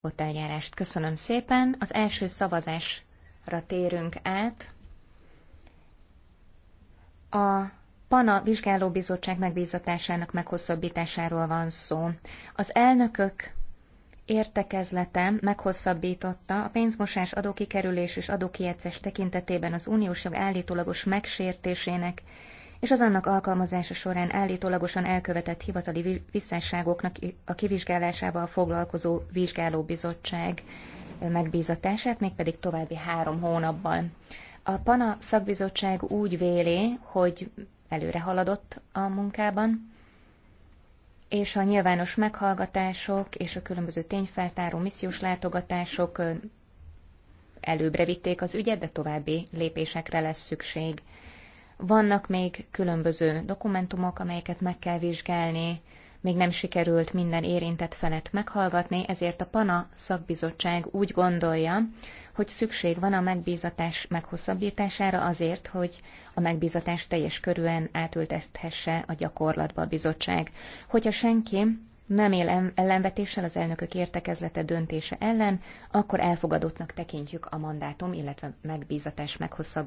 ott eljárást. Köszönöm szépen. Az első szavazásra térünk át. A PANA vizsgálóbizottság megbízatásának meghosszabbításáról van szó. Az elnökök értekezlete meghosszabbította a pénzmosás adókikerülés és adókijegyzés tekintetében az uniós jog állítólagos megsértésének és az annak alkalmazása során állítólagosan elkövetett hivatali visszásságoknak a kivizsgálásával foglalkozó vizsgálóbizottság megbízatását, mégpedig további három hónapban. A PANA szakbizottság úgy véli, hogy előre haladott a munkában, és a nyilvános meghallgatások és a különböző tényfeltáró missziós látogatások előbbre vitték az ügyet, de további lépésekre lesz szükség. Vannak még különböző dokumentumok, amelyeket meg kell vizsgálni, még nem sikerült minden érintett felet meghallgatni, ezért a PANA szakbizottság úgy gondolja, hogy szükség van a megbízatás meghosszabbítására azért, hogy a megbízatás teljes körűen átültethesse a gyakorlatba a bizottság. Hogyha senki nem él ellenvetéssel az elnökök értekezlete döntése ellen, akkor elfogadottnak tekintjük a mandátum, illetve megbízatás meghosszabb